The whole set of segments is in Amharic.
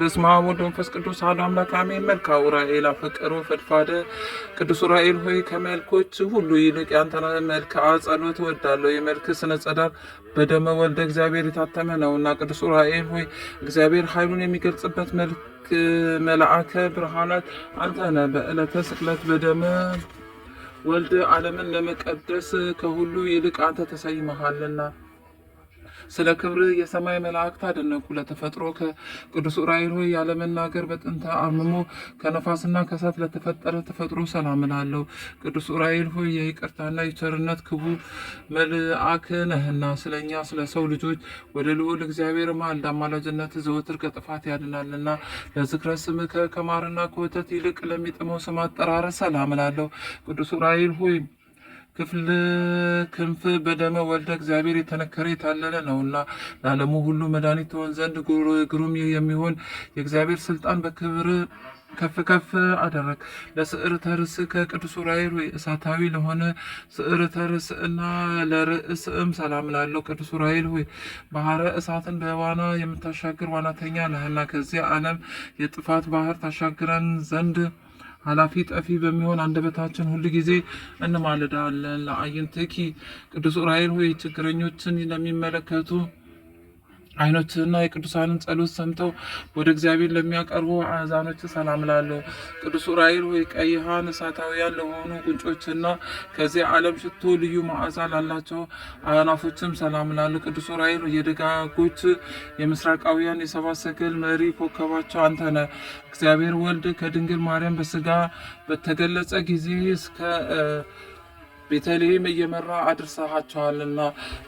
በስመ አብ ወወልድ ወመንፈስ ቅዱስ አሐዱ አምላክ አሜን። መልክዐ ዑራኤል አፈቅሮ ፈድፋደ ቅዱስ ዑራኤል ሆይ ከመልኮች ሁሉ ይልቅ ያንተን መልክዐ ጸሎት እወዳለሁ። የመልክ ስነ ጸዳር በደመ ወልደ እግዚአብሔር የታተመ ነውና፣ ቅዱስ ዑራኤል ሆይ እግዚአብሔር ኃይሉን የሚገልጽበት መልክ መልአከ ብርሃናት አንተነ በዕለተ ስቅለት በደመ ወልድ ዓለምን ለመቀደስ ከሁሉ ይልቅ አንተ ተሰይመሃልና ስለ ክብር የሰማይ መላእክት አደነቁ። ለተፈጥሮ ቅዱስ ዑራኤል ሆይ ያለመናገር በጥንተ አምሞ ከነፋስና ከሳት ለተፈጠረ ተፈጥሮ ሰላም እላለሁ። ቅዱስ ዑራኤል ሆይ የይቅርታና የቸርነት ክቡር መልአክ ነህና ስለኛ ስለ ሰው ልጆች ወደ ልዑል እግዚአብሔር ማልድ አማላጅነት ዘወትር ከጥፋት ያድናልና ለዝክረ ስምከ ከማርና ከወተት ይልቅ ለሚጥመው ስም አጠራረ ሰላም እላለሁ። ቅዱስ ዑራኤል ሆይ ክፍል ክንፍ በደመ ወልደ እግዚአብሔር የተነከረ የታለለ ነውና ለዓለሙ ሁሉ መድኃኒት ትሆን ዘንድ ግሩም የሚሆን የእግዚአብሔር ስልጣን በክብር ከፍ ከፍ አደረግ ለስዕር ተርስ ከቅዱስ ራኤል ወይ እሳታዊ ለሆነ ስዕር ተርስ እና ለርእስም ሰላም ላለው ቅዱስ ዑራኤል ወይ ባህረ እሳትን በዋና የምታሻግር ዋናተኛ ለህና ከዚያ ዓለም የጥፋት ባህር ታሻግረን ዘንድ ኃላፊ ጠፊ በሚሆን አንደበታችን ሁል ጊዜ እንማልዳለን። ለአይንትኪ ቅዱስ ዑራኤል ሆይ ችግረኞችን ለሚመለከቱ አይኖችና የቅዱሳንን ጸሎት ሰምተው ወደ እግዚአብሔር ለሚያቀርቡ አዛኖች ሰላም ላለሁ ቅዱስ ዑራኤል ወይ ቀይሃን እሳታውያን ለሆኑ ጉንጮችና ከዚህ ዓለም ሽቶ ልዩ መዓዛ ላላቸው አናፎችም ሰላም ላሉ ቅዱስ ራኤል የደጋጎች የምስራቃውያን የሰባት ሰገል መሪ ኮከባቸው አንተነ እግዚአብሔር ወልድ ከድንግል ማርያም በስጋ በተገለጸ ጊዜ እስከ ቤተልሔም እየመራ አድርሰሃቸዋልና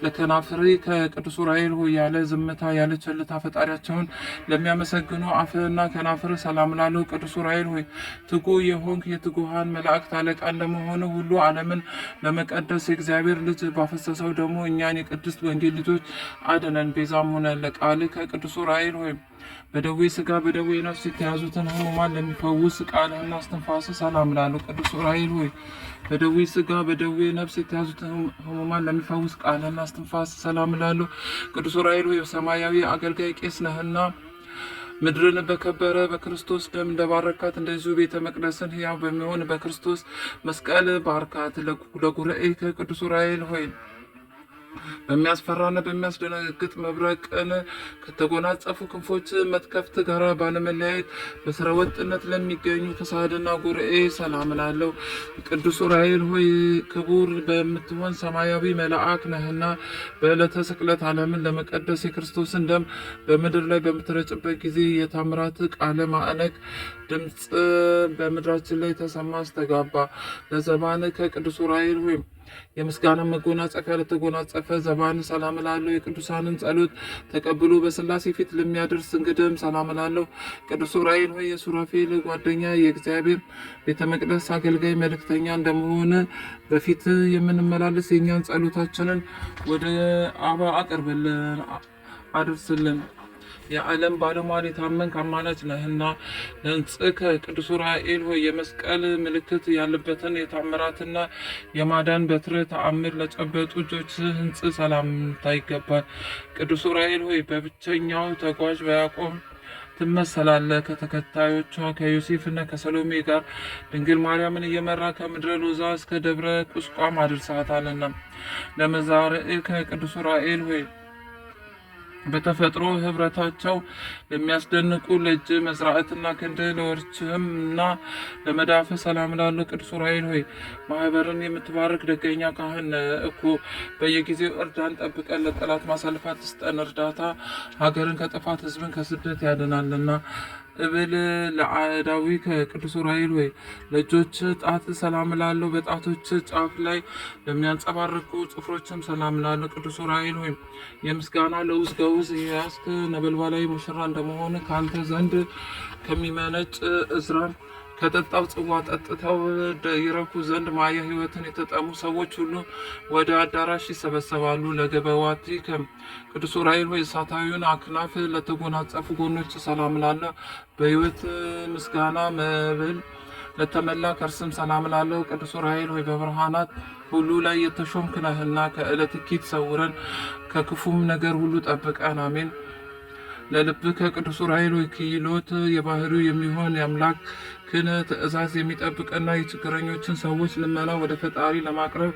ለከናፍሬ ከቅዱስ ዑራኤል ሆይ ያለ ዝምታ ያለ ቸልታ ፈጣሪያቸውን ለሚያመሰግኑ አፍህና ከናፍር ሰላም ላለው ቅዱስ ዑራኤል ሆይ ትጉ የሆንክ የትጉሃን መላእክት አለቃ እንደመሆኑ ሁሉ ዓለምን ለመቀደስ የእግዚአብሔር ልጅ ባፈሰሰው ደግሞ እኛን የቅድስት ወንጌል ልጆች አድነን፣ ቤዛም ሆነ ለቃል ከቅዱስ ዑራኤል ሆይ በደዌ ስጋ በደዌ ነፍስ የተያዙትን ህሙማን ለሚፈውስ ቃልህና አስተንፋስ ሰላም ላሉ ቅዱስ ዑራኤል ሆይ በደዌ ስጋ በደዌ ነፍስ የተያዙትን ህሙማን ለሚፈውስ ቃልህና አስተንፋስ ሰላም ላሉ ቅዱስ ዑራኤል ሆይ ሰማያዊ አገልጋይ ቄስ ነህና ምድርን በከበረ በክርስቶስ ደም እንደባረካት እንደዚሁ ቤተ መቅደስን ህያው በሚሆን በክርስቶስ መስቀል ባርካት። ለጉረኤ ቅዱስ ዑራኤል ሆይ በሚያስፈራና በሚያስደነግጥ መብረቅን ከተጎናጸፉ ክንፎች መትከፍት ጋር ባለመለያየት በስራ ወጥነት ለሚገኙ ተሳድና ጉርኤ ሰላም ላለው ቅዱስ ዑራኤል ሆይ ክቡር በምትሆን ሰማያዊ መልአክ ነህና በዕለተ ስቅለት ዓለምን ለመቀደስ የክርስቶስን ደም በምድር ላይ በምትረጭበት ጊዜ የታምራት ቃለ ማዕነቅ ድምፅ በምድራችን ላይ ተሰማ፣ አስተጋባ። ለዘማን ከቅዱስ ዑራኤል ሆይ የምስጋና መጎናጸፊያ ለተጎናጸፈ ዘባን ሰላም እላለሁ። የቅዱሳንን ጸሎት ተቀብሎ በስላሴ ፊት ለሚያደርስ እንግድም ሰላም እላለሁ። ቅዱስ ዑራኤል ሆይ የሱራፌል ጓደኛ የእግዚአብሔር ቤተ መቅደስ አገልጋይ መልእክተኛ እንደመሆነ በፊት የምንመላለስ የእኛን ጸሎታችንን ወደ አባ አቅርብልን፣ አድርስልን የዓለም ባለሟል ታመን አማላጅ ነህና ለንጽከ ቅዱስ ራኤል ሆይ የመስቀል ምልክት ያለበትን የታምራትና የማዳን በትረ ተአምር ለጨበጡ እጆች ህንጽ ሰላምታ ይገባል። ቅዱስ ራኤል ሆይ በብቸኛው ተጓዥ በያቆም ትመሰላለ ከተከታዮቿ ከዮሴፍና ከሰሎሜ ጋር ድንግል ማርያምን እየመራ ከምድረ ሎዛ እስከ ደብረ ቁስቋም አድርሳታልና ለመዛርዕ ከቅዱስ ራኤል ሆይ በተፈጥሮ ህብረታቸው ለሚያስደንቁ ለእጅ መስራዕትና ክንድ ለወርችህም እና ለመዳፍ ሰላም ላሉ ቅዱስ ዑራኤል ሆይ ማህበርን የምትባርክ ደገኛ ካህን እኮ በየጊዜው እርዳን ጠብቀን ለጠላት ማሳልፋት ስጠን። እርዳታ ሀገርን ከጥፋት ህዝብን ከስደት ያድናልና እብል ለአዳዊ ከቅዱስ ዑራኤል ወይ ለእጆች ጣት ሰላም ላለው በጣቶች ጫፍ ላይ ለሚያንጸባርቁ ጽፍሮችም ሰላም ላለው ቅዱስ ዑራኤል ወይ የምስጋና ለውዝ ገውዝ የያዝክ ነበልባላዊ ሙሽራ እንደመሆን ካንተ ዘንድ ከሚመነጭ እዝራን ከጠጣው ጽዋ ጠጥተው ይረኩ ዘንድ ማያ ሕይወትን የተጠሙ ሰዎች ሁሉ ወደ አዳራሽ ይሰበሰባሉ። ለገበዋቲ ቅዱስ ዑራኤል ሆይ እሳታዊውን አክናፍ ለተጎናጸፉ ጎኖች ሰላም ላለ በሕይወት ምስጋና መብል ለተመላ ከርስም ሰላም ላለው ቅዱስ ዑራኤል ሆይ በብርሃናት ሁሉ ላይ የተሾምክ ነህና ከዕለት ኪት ሰውረን ከክፉም ነገር ሁሉ ጠብቀን አሜን። ለልብህ ከቅዱስ ራይሎ ክይሎት የባህሪው የሚሆን የአምላክ ክን ትእዛዝ የሚጠብቅና የችግረኞችን ሰዎች ልመና ወደ ፈጣሪ ለማቅረብ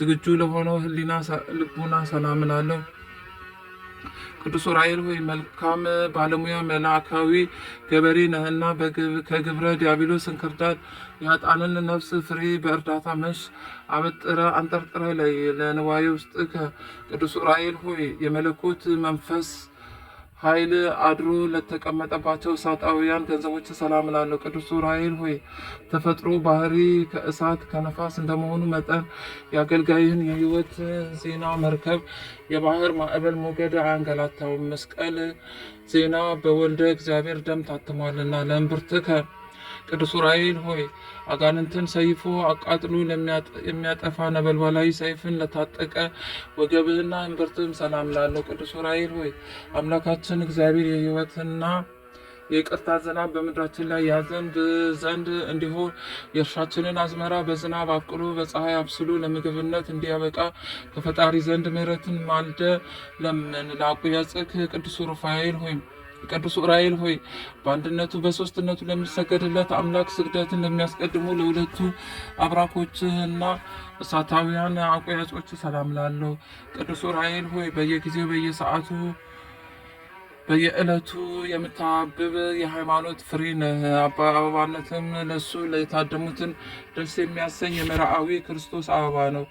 ዝግጁ ለሆነው ህሊና ልቡና ሰላምን አለው። ቅዱስ ዑራኤል ሆይ መልካም ባለሙያ መላካዊ ገበሬ ነህና ከግብረ ዲያብሎስ እንክርዳድ ያጣንን ነፍስ ፍሬ በእርዳታ መሽ አበጥረ አንጠርጥረ ለንዋይ ለንዋዬ ውስጥ ቅዱስ ዑራኤል ሆይ የመለኮት መንፈስ ኃይል አድሮ ለተቀመጠባቸው እሳጣውያን ገንዘቦች ሰላም ላለው ቅዱስ ዑራኤል ሆይ ተፈጥሮ ባህሪ ከእሳት ከነፋስ እንደመሆኑ መጠን የአገልጋይህን የህይወት ዜና መርከብ የባህር ማዕበል ሞገድ አንገላታው መስቀል ዜና በወልደ እግዚአብሔር ደም ታትሟልና ለእምብርትከ ቅዱስ ዑራኤል ሆይ አጋንንትን ሰይፎ አቃጥሎ የሚያጠፋ ነበልባላዊ ሰይፍን ለታጠቀ ወገብህና እምብርትም ሰላም ላለው ቅዱስ ዑራኤል ሆይ አምላካችን እግዚአብሔር የህይወትና የቅርታ ዝናብ በምድራችን ላይ ያዘንብ ዘንድ እንዲሆን የእርሻችንን አዝመራ በዝናብ አብቅሎ በፀሐይ አብስሎ ለምግብነት እንዲያበቃ ከፈጣሪ ዘንድ ምሕረትን ማልደ ለምን ለአቁያጽክ ቅዱስ ሩፋኤል ሆይም ቅዱስ ዑራኤል ሆይ በአንድነቱ በሶስትነቱ ለሚሰገድለት አምላክ ስግደትን ለሚያስቀድሙ ለሁለቱ አብራኮችህና እሳታውያን አቆያጮች ሰላም ላለው ቅዱስ ዑራኤል ሆይ በየጊዜው በየሰዓቱ በየዕለቱ የምታብብ የሃይማኖት ፍሬ ነህ። አበባነትም ለሱ ለታደሙትን ደስ የሚያሰኝ የመርአዊ ክርስቶስ አበባ ነው።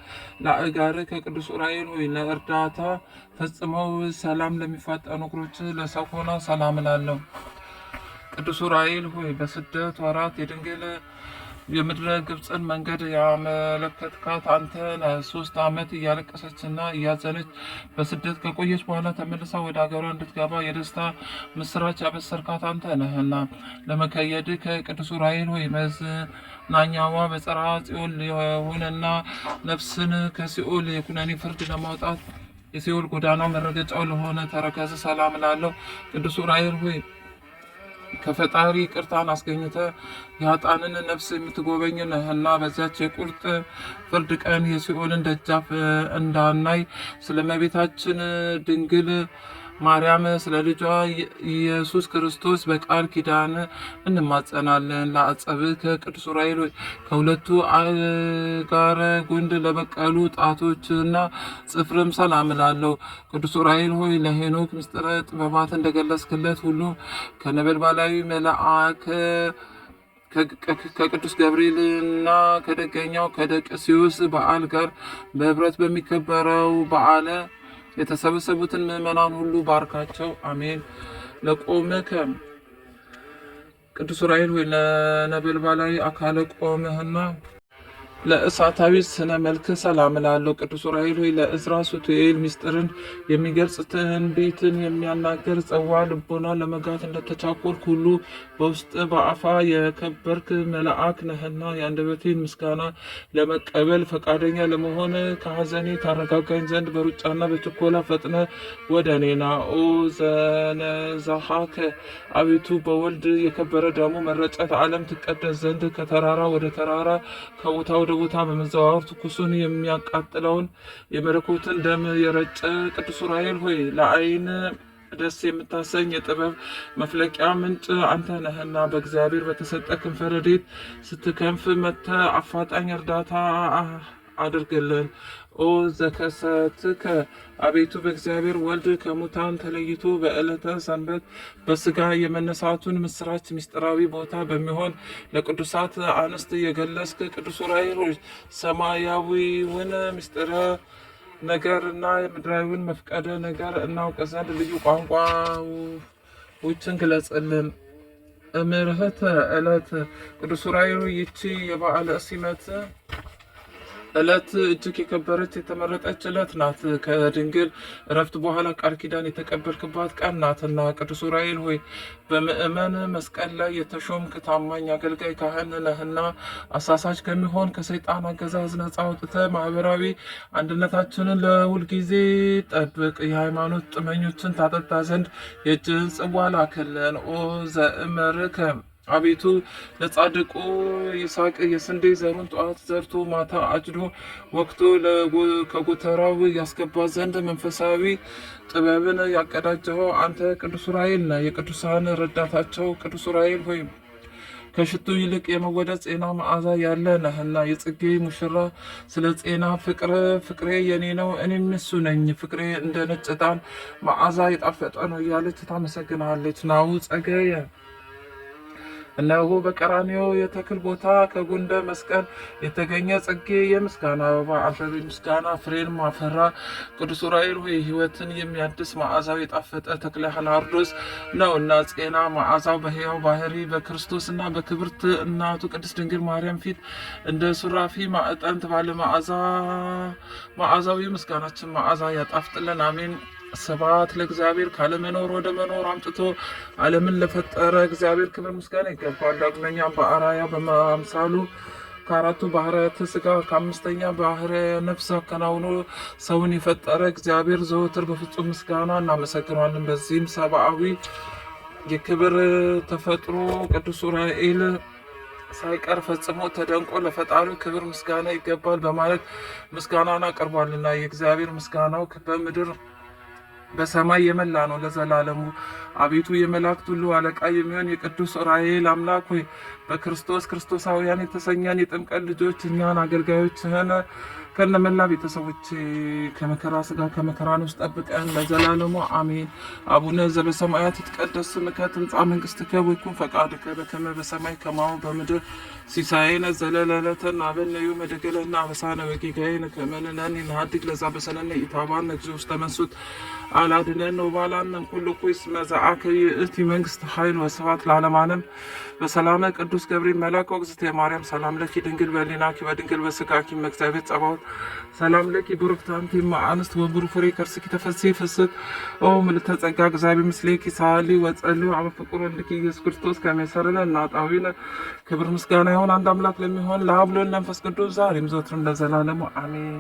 ለአጋር ከቅዱስ ዑራኤል ሆይ ለእርዳታ ፈጽመው ሰላም ለሚፋጠኑ እግሮች ለሰኮና ሰላም እላለሁ። ቅዱስ ዑራኤል ሆይ በስደት ወራት የድንግል የምድረ ግብፅን መንገድ ያመለከትካት አንተ ለሶስት ዓመት እያለቀሰችና እያዘነች በስደት ከቆየች በኋላ ተመልሳ ወደ ሀገሯ እንድትገባ የደስታ ምስራች ያበሰርካት አንተ ነህና ለመከየድ ከቅዱስ ዑራኤል ወይ መዝናኛዋ በጸራ ጽዮን የሆነና ነፍስን ከሲኦል የኩነኔ ፍርድ ለማውጣት የሲኦል ጎዳና መረገጫው ለሆነ ተረከዝ ሰላም ላለው ቅዱስ ሆይ ከፈጣሪ ቅርታን አስገኝተ የአጣንን ነፍስ የምትጎበኝ ነህና በዚያች የቁርጥ ፍርድ ቀን የሲኦልን ደጃፍ እንዳናይ ስለ እመቤታችን ድንግል ማርያም ስለ ልጇ ኢየሱስ ክርስቶስ በቃል ኪዳን እንማጸናለን። ለአጸብህ ቅዱስ ዑራኤል ከሁለቱ ጋር ጉንድ ለበቀሉ ጣቶችና ጽፍርም ሰላም እላለሁ። ቅዱስ ዑራኤል ሆይ ለሄኖክ ምስጢረ ጥበባት እንደገለጽክለት ሁሉ ከነበልባላዊ መልአክ ከቅዱስ ገብርኤልና ከደገኛው ከደቅሲዩስ በዓል ጋር በህብረት በሚከበረው በዓለ የተሰበሰቡትን ምዕመናን ሁሉ ባርካቸው። አሜን። ለቆመከ ቅዱስ ዑራኤል ወይ ለነበልባላዊ አካለ ቆመህና ለእሳታዊ ስነ መልክ ሰላም ላለው ቅዱስ ዑራኤል ሆይ ለእዝራ ሱቱኤል ሚስጥርን የሚገልጽ ትንቢትን የሚያናገር ጽዋ ልቦና ለመጋት እንደተቻኮልክ ሁሉ በውስጥ በአፋ የከበርክ መልአክ ነህና የአንደበቴን ምስጋና ለመቀበል ፈቃደኛ ለመሆን ከሐዘኔ ታረጋጋኝ ዘንድ በሩጫና በችኮላ ፈጥነ ወደ እኔና ኦ ዘነዛሃከ አቤቱ በወልድ የከበረ ደሞ መረጨት ዓለም ትቀደስ ዘንድ ከተራራ ወደ ተራራ ከቦታ ወደ ወደ ቦታ በመዘዋወር ትኩሱን የሚያቃጥለውን የመለኮትን ደም የረጨ ቅዱስ ዑራኤል ሆይ ለአይን ደስ የምታሰኝ የጥበብ መፍለቂያ ምንጭ አንተ ነህና በእግዚአብሔር በተሰጠ ክንፈ ረድኤት ስትከንፍ መጥተህ አፋጣኝ እርዳታ አድርግልን። ኦ ዘከሰትከ አቤቱ በእግዚአብሔር ወልድ ከሙታን ተለይቶ በዕለተ ሰንበት በስጋ የመነሳቱን ምስራች ምስጢራዊ ቦታ በሚሆን ለቅዱሳት አንስት የገለጽክ ቅዱስ ራይሮች ሰማያዊውን ምስጢረ ነገር እና የምድራዊውን መፍቀደ ነገር እናውቅ ዘንድ ልዩ ቋንቋዎችን ግለጽልን። እምርህተ ዕለት ቅዱስ ራይሮ ይቺ የበዓለ ሲመት እለት እጅግ የከበረች የተመረጠች እለት ናት። ከድንግል እረፍት በኋላ ቃል ኪዳን የተቀበልክባት ቀን ናትና ቅዱስ ዑራኤል ሆይ በምእመን መስቀል ላይ የተሾምክ ታማኝ አገልጋይ ካህን ነህና አሳሳች ከሚሆን ከሰይጣን አገዛዝ ነጻ አውጥተህ ማህበራዊ አንድነታችንን ለሁል ጠብቅ። የሃይማኖት ጥመኞችን ታጠጣ ዘንድ የእጅህን ጽዋ ላክልን ኦ ዘእመርከ አቤቱ ለጻድቁ ይስሐቅ የስንዴ ዘሩን ጠዋት ዘርቶ ማታ አጭዶ ወቅቶ ከጎተራው ያስገባ ዘንድ መንፈሳዊ ጥበብን ያቀዳጀው አንተ ቅዱስ ራኤል ነ የቅዱሳን ረዳታቸው ቅዱስ ዑራኤል ሆይ ከሽቱ ይልቅ የመወደድ ጤና መዓዛ ያለ ነህና የጽጌ ሙሽራ ስለ ጤና ፍቅር ፍቅሬ የኔ ነው እኔም እሱ ነኝ ፍቅሬ እንደ ነጭ ዕጣን መዓዛ የጣፈጠ ነው እያለች ታመሰግናለች ናው ጸገየ እነሆ በቀራንዮ የተክል ቦታ ከጉንደ መስቀል የተገኘ ጽጌ የምስጋና አበባ አፈር ምስጋና ፍሬን ማፈራ። ቅዱስ ዑራኤል ሆይ ሕይወትን የሚያድስ መዓዛው የጣፈጠ ተክለ ነው እና ጽና መዓዛው በሕያው ባህሪ በክርስቶስ እና በክብርት እናቱ ቅድስት ድንግል ማርያም ፊት እንደ ሱራፊ ማዕጠንት ባለ መዓዛው የምስጋናችን መዓዛ ያጣፍጥለን። አሜን። ስብሐት ለእግዚአብሔር ካለመኖር ወደ መኖር አምጥቶ ዓለምን ለፈጠረ እግዚአብሔር ክብር ምስጋና ይገባል። ዳግመኛም በአራያ በአምሳሉ ከአራቱ ባህረ ስጋ ከአምስተኛ ባህረ ነፍስ አከናውኖ ሰውን የፈጠረ እግዚአብሔር ዘወትር በፍጹም ምስጋና እናመሰግናለን። በዚህም ሰብአዊ የክብር ተፈጥሮ ቅዱስ ዑራኤል ሳይቀር ፈጽሞ ተደንቆ ለፈጣሪው ክብር ምስጋና ይገባል በማለት ምስጋናን አቅርቧልና የእግዚአብሔር ምስጋናው በምድር በሰማይ የመላ ነው ለዘላለሙ። አቤቱ የመላእክት ሁሉ አለቃ የሚሆን የቅዱስ ዑራኤል አምላክ ሆይ በክርስቶስ ክርስቶሳውያን የተሰኘን የጥምቀት ልጆች እኛን አገልጋዮችህን ከነመላ ቤተሰቦች ከመከራ ስጋ ከመከራ ነፍስ ጠብቀን ለዘላለሙ አሜን። አቡነ ዘበሰማያት ይትቀደስ ስምከ ትምጻእ መንግሥትከ ወይኩን ፈቃድከ በከመ በሰማይ ከማሁ በምድር ሲሳየነ ዘለለዕለትነ ሀበነ ዮም ወኅድግ አበሳነ ወጌጋየነ ከመ ንሕነኒ ንኅድግ ለዘ አበሰ ለነ ኢታብአነ እግዚኦ ውስተ መንሱት አላድነን ነው ባላመን ኩሉ ኩይስ መዛአከ የእቲ መንግስት ኃይል ወስፋት ለዓለም ዓለም በሰላመ ቅዱስ ገብርኤል መልአክ ወግዝት ማርያም ሰላም ለኪ ድንግል በሊናኪ በድንግል በስጋኪ መግዚአብሔር ጸባኦት ሰላም ለኪ ብሩክት አንቲ እምአንስት ወብሩክ ፍሬ ከርስኪ ተፈሥሒ ፍስሕት ኦ ምልዕተ ጸጋ እግዚአብሔር ምስሌኪ ሳሊ ወጸልዩ አብ ፍቁር ወልድኪ ኢየሱስ ክርስቶስ ከመ ይሠረነ እናጣዊነ። ክብር ምስጋና ይሁን አንድ አምላክ ለሚሆን ለአብ ለወልድ ለመንፈስ ቅዱስ ዛሬም ዘወትርም ለዘላለሙ አሜን።